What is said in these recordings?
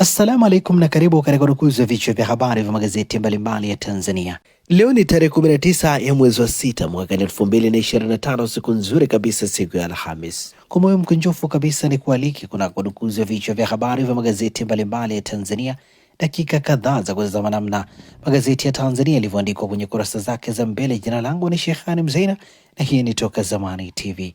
Assalamu alaikum na karibu katika udukuzi wa vichwa vya habari vya magazeti mbalimbali ya Tanzania. Leo ni tarehe 19 ya mwezi wa sita mwaka 2025, siku nzuri kabisa, siku ya Alhamis. Kwa moyo mkunjofu kabisa ni kualiki kuna udukuzi wa vichwa vya habari vya magazeti mbalimbali ya Tanzania, dakika kadhaa za kutazama namna magazeti ya Tanzania yalivyoandikwa kwenye kurasa zake za mbele. Jina langu ni shehani Mzeina na hii ni Toka Zamani TV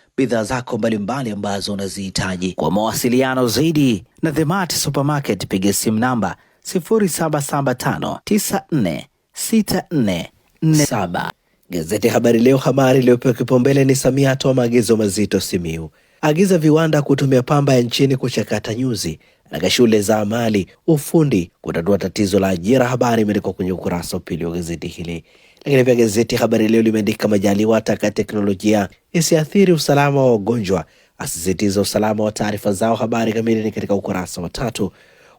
bidhaa zako mbalimbali ambazo unazihitaji. Kwa mawasiliano zaidi na The Mart Supermarket, piga simu namba 0775946447. Gazeti Habari Leo, habari iliyopewa kipaumbele ni Samia atoa maagizo mazito Simiu, agiza viwanda kutumia pamba ya nchini kuchakata nyuzi, na shule za amali ufundi kutatua tatizo la ajira. Habari imeandikwa kwenye ukurasa wa pili wa gazeti hili. Lakini pia gazeti Habari Leo limeandika Majaliwa ataka teknolojia isiathiri usalama wa wagonjwa, asisitiza usalama wa taarifa zao. Habari kamili ni katika ukurasa wa tatu.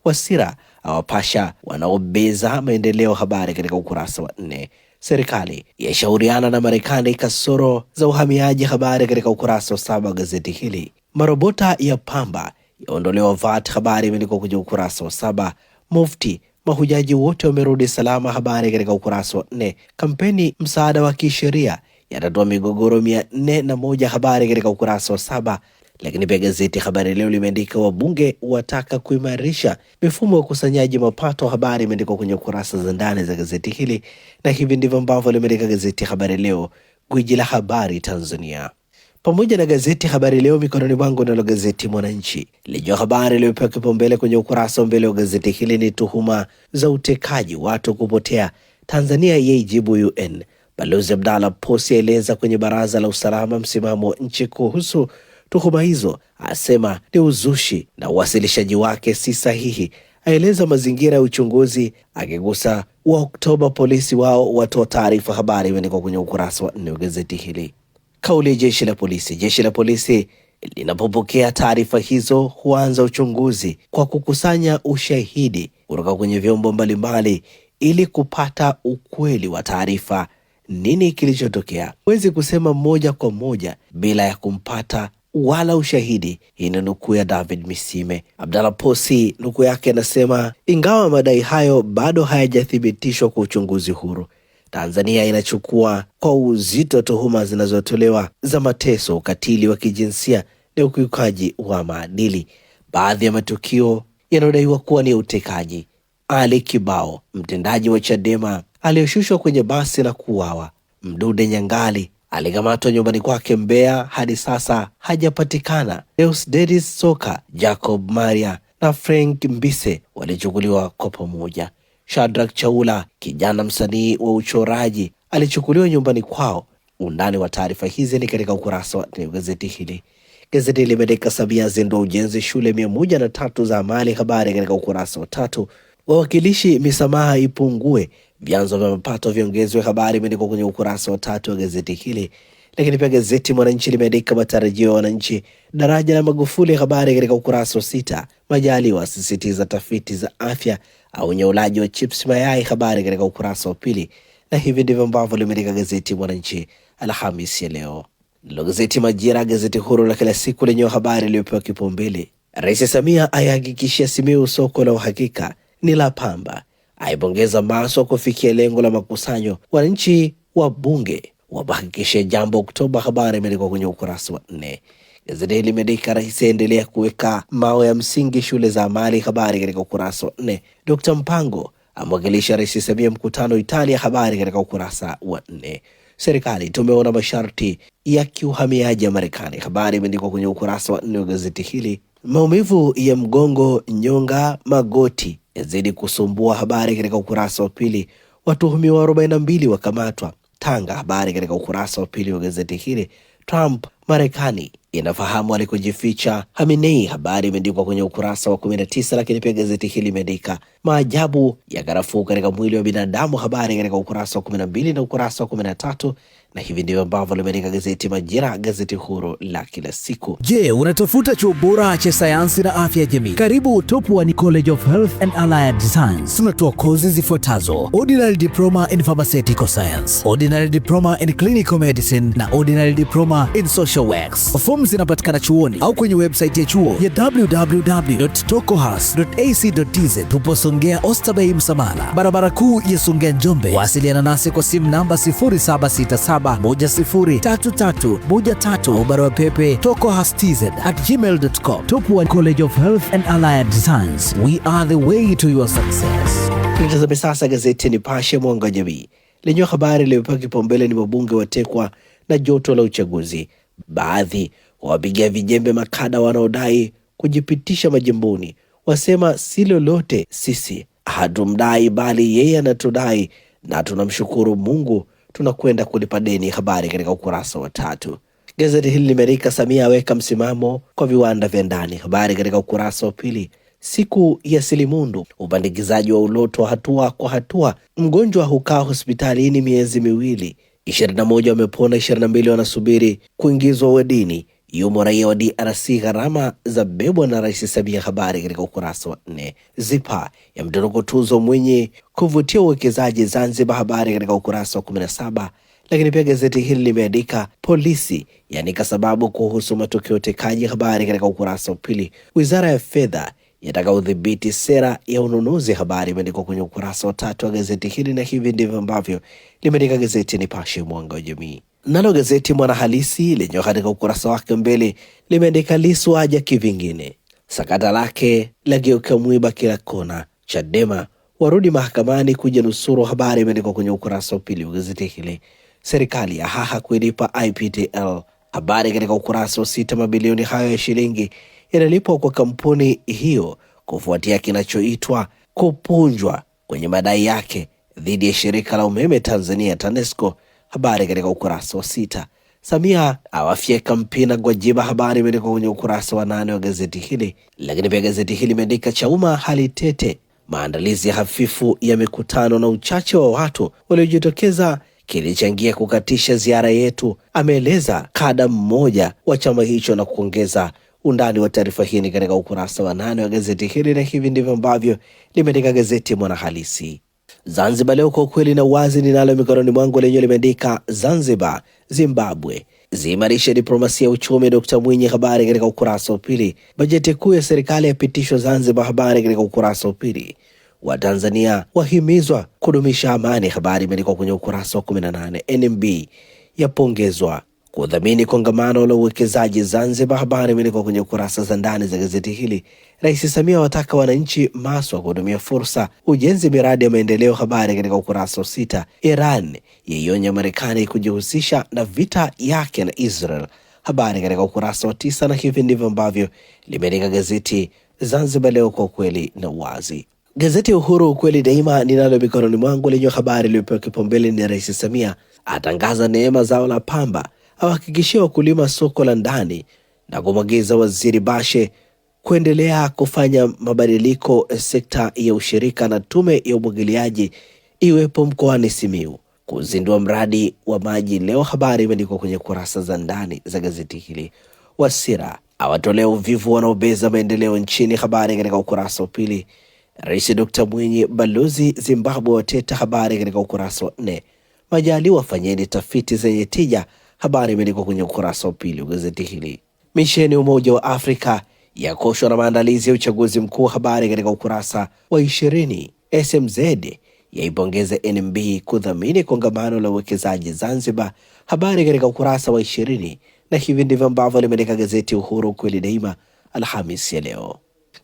Wasira awapasha wanaobeza maendeleo, habari katika ukurasa wa nne. Serikali yashauriana na Marekani kasoro za uhamiaji, habari katika ukurasa wa saba wa gazeti hili. Marobota ya pamba yaondolewa VAT, habari imeandikwa kwenye ukurasa wa saba. Mufti mahujaji wote wamerudi salama. Habari katika ukurasa wa nne. Kampeni msaada wa kisheria yatatoa migogoro mia nne na moja. Habari katika ukurasa wa saba. Lakini pia gazeti Habari Leo limeandika wabunge wataka kuimarisha mifumo ya ukusanyaji mapato. Habari imeandikwa kwenye kurasa za ndani za gazeti hili, na hivi ndivyo ambavyo limeandika gazeti Habari Leo, gwiji la habari Tanzania pamoja na gazeti Habari Leo mikononi mwangu. Nalo gazeti Mwananchi lijua habari iliyopewa kipaumbele kwenye ukurasa wa mbele wa gazeti hili ni tuhuma za utekaji watu kupotea, Tanzania yaijibu UN. Balozi Abdalla Posi aeleza kwenye baraza la usalama msimamo wa nchi kuhusu tuhuma hizo, asema ni uzushi na uwasilishaji wake si sahihi, aeleza mazingira ya uchunguzi akigusa wa Oktoba polisi wao watoa taarifa. Habari imeandikwa kwenye ukurasa wa nne wa gazeti hili kauli ya jeshi la polisi. Jeshi la polisi linapopokea taarifa hizo huanza uchunguzi kwa kukusanya ushahidi kutoka kwenye vyombo mbalimbali ili kupata ukweli wa taarifa. Nini kilichotokea? Huwezi kusema moja kwa moja bila ya kumpata wala ushahidi. Hii ni nukuu ya David Misime. abdala Posi nukuu yake anasema, ingawa madai hayo bado hayajathibitishwa kwa uchunguzi huru Tanzania inachukua kwa uzito tuhuma zinazotolewa za mateso, ukatili wa kijinsia na ukiukaji wa maadili. Baadhi ya matukio yanayodaiwa kuwa ni utekaji. Ali Kibao, mtendaji wa Chadema aliyeshushwa kwenye basi na kuuawa. Mdude Nyangali alikamatwa nyumbani kwake Mbeya, hadi sasa hajapatikana. Deusdedith Soka, Jacob Maria na Frank Mbise walichukuliwa kwa pamoja. Shadrack Chaula, kijana msanii wa uchoraji, alichukuliwa nyumbani kwao. Undani wa taarifa hizi ni katika ukurasa wa nne wa gazeti hili. Gazeti limeandika Samia azindua ujenzi shule mia moja na tatu za amali, habari katika ukurasa wa tatu. Wawakilishi misamaha ipungue, vyanzo vya mapato viongezwe, habari imeandikwa kwenye ukurasa wa tatu wa gazeti hili. Lakini pia gazeti Mwananchi limeandika matarajio ya wananchi daraja la Magufuli, habari katika ukurasa wa sita. Majaliwa asisitiza tafiti za afya, aonya ulaji wa chips mayai, habari katika ukurasa wa pili. Na hivi ndivyo ambavyo limeandika gazeti Mwananchi Alhamisi ya leo. Nalo gazeti Majira, gazeti huru la kila siku lenye habari iliyopewa kipaumbele, Rais Samia ayahakikishia Simiyu soko la uhakika ni la pamba, aipongeza Maswa kufikia lengo la makusanyo wananchi wa bunge wamehakikishia jambo Oktoba. Habari imeandikwa kwenye ukurasa wa nne. Gazeti hili limeandika rais aendelea kuweka mawe ya msingi shule za amali, habari katika ukurasa wa nne. Dkt Mpango amwakilisha Rais Samia mkutano Italia, habari katika ukurasa wa nne. Serikali tumeona masharti ya kiuhamiaji ya Marekani, habari imeandikwa kwenye ukurasa wa nne wa gazeti hili. Maumivu ya mgongo, nyonga, magoti yazidi kusumbua, habari katika ukurasa wa pili. Watuhumiwa 42 wakamatwa Tanga, habari katika ukurasa wa pili wa gazeti hili. Trump Marekani inafahamu alikojificha Hamenei. Habari imeandikwa kwenye ukurasa wa 19, lakini pia gazeti hili limeandika maajabu ya karafuu katika mwili wa binadamu, habari katika ukurasa wa 12 na ukurasa wa 13 na hivi ndivyo ambavyo limeandika gazeti Majira, gazeti huru la kila siku. Je, unatafuta chuo bora cha sayansi na afya ya jamii? Karibu One College of Health and Allied Science. Tunatoa kozi zifuatazo: ordinary diploma in pharmaceutical science, ordinary diploma in clinical medicine na ordinary diploma in social Facial Wax. Fomu zinapatikana chuoni au kwenye website ya chuo ya www.tokohas.ac.tz. Tupo Songea Ostabei Msamala, barabara kuu ya Songea Njombe. Wasiliana nasi kwa simu namba 0767103313 au barua pepe tokohas@gmail.com. Tupo College of Health and Allied Science. We are the way to your success. Nitazame sasa gazeti Nipashe mwanga wa jamii lenye habari iliyopewa kipaumbele ni wabunge watekwa na joto la uchaguzi. Baadhi wapiga vijembe makada wanaodai kujipitisha majimboni, wasema si lolote sisi hatumdai bali yeye anatudai na tunamshukuru Mungu tunakwenda kulipa deni. Habari katika ukurasa wa tatu. Gazeti hili limeandika Samia aweka msimamo kwa viwanda vya ndani. Habari katika ukurasa wa pili. Siku ya silimundu, upandikizaji wa uloto hatua kwa hatua, mgonjwa hukaa hospitalini miezi miwili 21 wamepona, 22 wanasubiri kuingizwa wadini. Yumo raia wa DRC, gharama za bebwa na Rais Samia. Habari katika ukurasa wa nne. Zipa ya mdorogo tuzo mwenye kuvutia uwekezaji Zanzibar. Habari katika ukurasa wa 17 lakini pia gazeti hili limeandika polisi yanika sababu kuhusu matukio utekaji Habari katika ukurasa wa pili. Wizara ya fedha yataka udhibiti sera ya ununuzi. Habari imeandikwa kwenye ukurasa wa tatu wa gazeti hili, na hivi ndivyo ambavyo limeandika gazeti Nipashe mwanga wa jamii. Nalo gazeti Mwanahalisi lenye katika ukurasa wake mbele limeandika Lissu aja kivingine, sakata lake lageuka mwiba kila kona, Chadema warudi mahakamani nusuru. Habari imeandikwa kwenye ukurasa wa pili wa gazeti hili. Serikali haha kuilipa IPTL. Habari katika ukurasa wa sita. Mabilioni hayo ya shilingi yanalipwa kwa kampuni hiyo kufuatia kinachoitwa kupunjwa kwenye madai yake dhidi ya shirika la umeme Tanzania TANESCO. Habari katika ukurasa wa sita. Samia awafyeka Mpina Gwajiba. Habari imeandikwa kwenye ukurasa wa nane wa gazeti hili. Lakini pia gazeti hili imeandika Chauma hali tete, maandalizi ya hafifu ya mikutano na uchache wa watu waliojitokeza kilichangia kukatisha ziara yetu, ameeleza kada mmoja wa chama hicho na kuongeza Undani wa taarifa hii ni katika ukurasa wa nane wa gazeti hili, na hivi ndivyo ambavyo limeandika gazeti Mwanahalisi. Zanzibar Leo, kwa ukweli na uwazi ninalo mikononi mwangu, lenyewe limeandika Zanzibar Zimbabwe ziimarisha diplomasia ya uchumi, Dkt Mwinyi. Habari katika ukurasa wa pili. Bajeti kuu ya serikali yapitishwa Zanzibar, habari katika ukurasa wa pili. Watanzania wahimizwa kudumisha amani, habari imeandikwa kwenye ukurasa wa 18. NMB yapongezwa kudhamini kongamano la uwekezaji Zanzibar. Habari imeandikwa kwenye kurasa za ndani za gazeti hili. Rais Samia wataka wananchi maswa kuhudumia fursa ujenzi miradi ya maendeleo. Habari katika ukurasa wa sita. Iran yaionya Marekani kujihusisha na vita yake na Israel. Habari katika ukurasa wa tisa, na hivi ndivyo ambavyo limeandika gazeti Zanzibar Leo kwa ukweli na uwazi. Gazeti Uhuru ukweli daima ninalo mikononi mwangu lenye habari iliyopewa kipaumbele ni Rais Samia atangaza neema zao la pamba awahakikishia wakulima soko la ndani na kumwagiza Waziri Bashe kuendelea kufanya mabadiliko eh, sekta ya ushirika na tume ya umwagiliaji iwepo mkoani simiu kuzindua mradi wa maji leo. Habari imeandikwa kwenye kurasa za ndani za gazeti hili. Wasira awatolea uvivu wanaobeza maendeleo nchini, habari katika ukurasa wa pili. Rais d Mwinyi balozi Zimbabwe wateta, habari katika ukurasa wa nne. Majaliwa, fanyeni tafiti zenye tija Habari imeandikwa kwenye ukurasa wa pili wa gazeti hili. Misheni Umoja wa Afrika yakoshwa na maandalizi ya uchaguzi mkuu, habari katika ukurasa wa ishirini. SMZ yaipongeza NMB kudhamini kongamano la uwekezaji Zanzibar, habari katika ukurasa wa ishirini. Na hivi ndivyo ambavyo limeandika gazeti Uhuru kweli daima Alhamisi ya leo.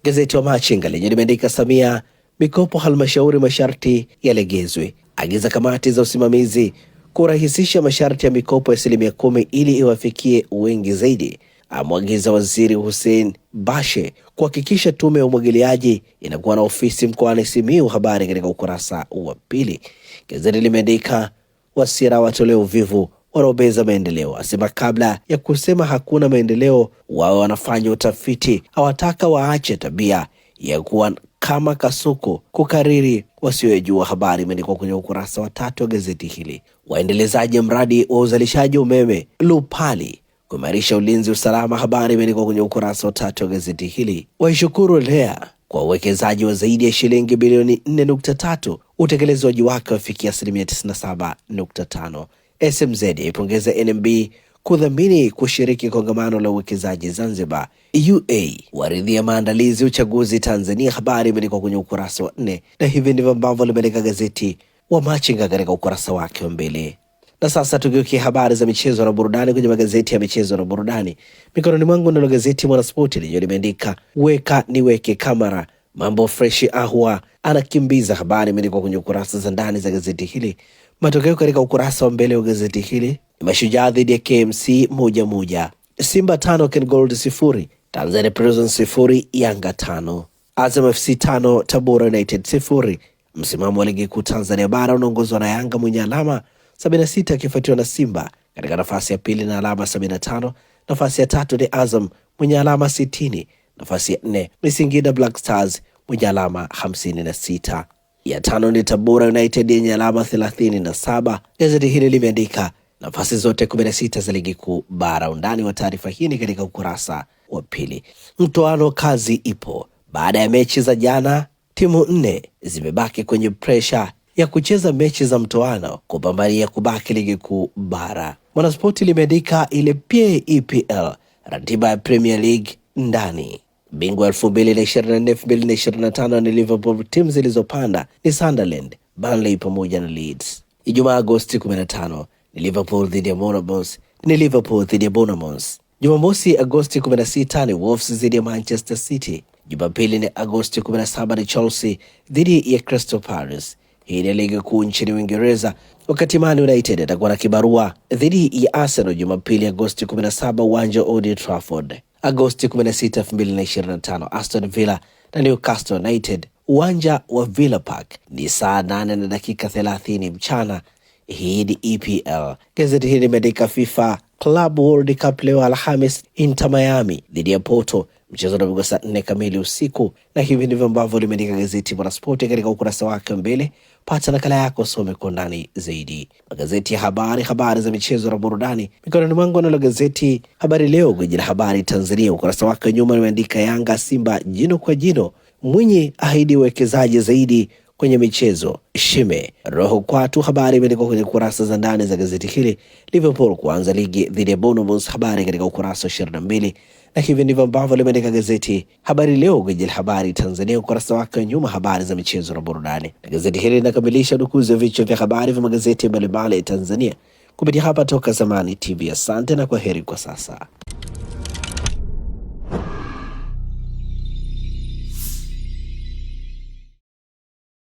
Gazeti wa Machinga lenye limeandika Samia, mikopo halmashauri masharti yalegezwe, agiza kamati za usimamizi kurahisisha masharti ya mikopo ya asilimia kumi ili iwafikie wengi zaidi, amwagiza Waziri Hussein Bashe kuhakikisha tume ya umwagiliaji inakuwa na ofisi mkoani Simiyu. Habari katika ukurasa wa pili. Gazeti limeandika Wasira watolea uvivu wanaobeza maendeleo, asema kabla ya kusema hakuna maendeleo wawe wanafanya utafiti, hawataka waache tabia ya kuwa kama kasuku kukariri wasiojua Habari imeandikwa kwenye ukurasa wa tatu wa gazeti hili. Waendelezaji mradi wa uzalishaji umeme Lupali kuimarisha ulinzi usalama. Habari imeandikwa kwenye ukurasa wa tatu wa gazeti hili. Waishukuru LEA kwa uwekezaji wa zaidi ya shilingi bilioni 4.3, utekelezaji wake wafikia asilimia 97.5. SMZ yaipongeza NMB kudhamini kushiriki kongamano la uwekezaji Zanzibar e UA waridhia maandalizi uchaguzi Tanzania. Habari imeandikwa kwenye ukurasa wa nne, na hivi ndivyo ambavyo limeandika gazeti wa Machinga katika ukurasa wake wa mbele. Na sasa tugeukie habari za michezo na burudani kwenye magazeti ya michezo na burudani mikononi mwangu, nalo gazeti Mwanaspoti lenyewe limeandika weka niweke kamera mambo freshi, ahwa anakimbiza. Habari imeandikwa kwenye ukurasa za ndani za gazeti hili, Matokeo katika ukurasa wa mbele wa gazeti hili ni Mashujaa dhidi ya KMC moja moja, Simba tano KenGold sifuri, Tanzania Prison sifuri, Yanga tano, Azam FC tano Tabora United sifuri. Msimamo wa ligi kuu Tanzania bara unaongozwa na Yanga mwenye alama 76 akifuatiwa na Simba katika nafasi ya pili na alama 75. Nafasi ya tatu ni Azam mwenye alama 60. Nafasi ya nne ni Singida Black Stars mwenye alama 56 ya tano ni Tabora United yenye alama 37. Gazeti hili limeandika nafasi zote 16 za ligi kuu bara. Undani wa taarifa hii ni katika ukurasa wa pili. Mtoano kazi ipo baada ya mechi za jana, timu nne zimebaki kwenye presha ya kucheza mechi za mtoano kupambania kubaki ligi kuu bara. Mwanaspoti limeandika ile PAPL ratiba ya Premier League ndani Bingwa na na tano ni Liverpool. Timu zilizopanda ni Sunderland, Burnley pamoja na Leeds. Ijumaa Agosti 15 ni Liverpool dhidi ya Bournemouth, ni Liverpool dhidi ya Bournemouth. Jumamosi Agosti 16 ni Wolves dhidi ya Manchester City. Jumapili ni Agosti 17 ni Chelsea dhidi ya Crystal Palace. Hii ni ligi kuu nchini Uingereza, wakati Man United atakuwa na kibarua dhidi ya Arsenal Jumapili Agosti 17 uwanja wa Old Trafford. Agosti 16, 2025, Aston Villa na Newcastle United uwanja wa Villa Park ni saa 8 na dakika 30 mchana. Hii ni EPL. Gazeti hili limeandika FIFA Club World Cup leo Alhamis, Inter Miami dhidi ya Porto, mchezo unapigwa saa nne kamili usiku, na hivi ndivyo ambavyo limeandika gazeti Mwanaspoti katika ukurasa wake mbele pata nakala yako, some kwa undani zaidi. Magazeti ya habari, habari za michezo na burudani mikononi mwangu, analo gazeti Habari Leo, gwiji la habari Tanzania. Ukurasa wake wa nyuma limeandika Yanga Simba jino kwa jino, Mwinyi ahidi uwekezaji zaidi kwenye michezo shime roho kwatu. Habari imeandikwa kwenye kurasa za ndani za gazeti hili. Liverpool kuanza ligi dhidi ya Bournemouth, habari katika ukurasa wa ishirini na mbili na hivyo ndivyo ambavyo limeandika gazeti Habari Leo, gwiji la habari Tanzania, ukurasa wake wa nyuma, habari za michezo na burudani. Na gazeti hili linakamilisha dukuzi ya vichwa vya habari vya magazeti mbalimbali ya Tanzania kupitia hapa Toka Zamani TV. Asante na kwa heri kwa sasa.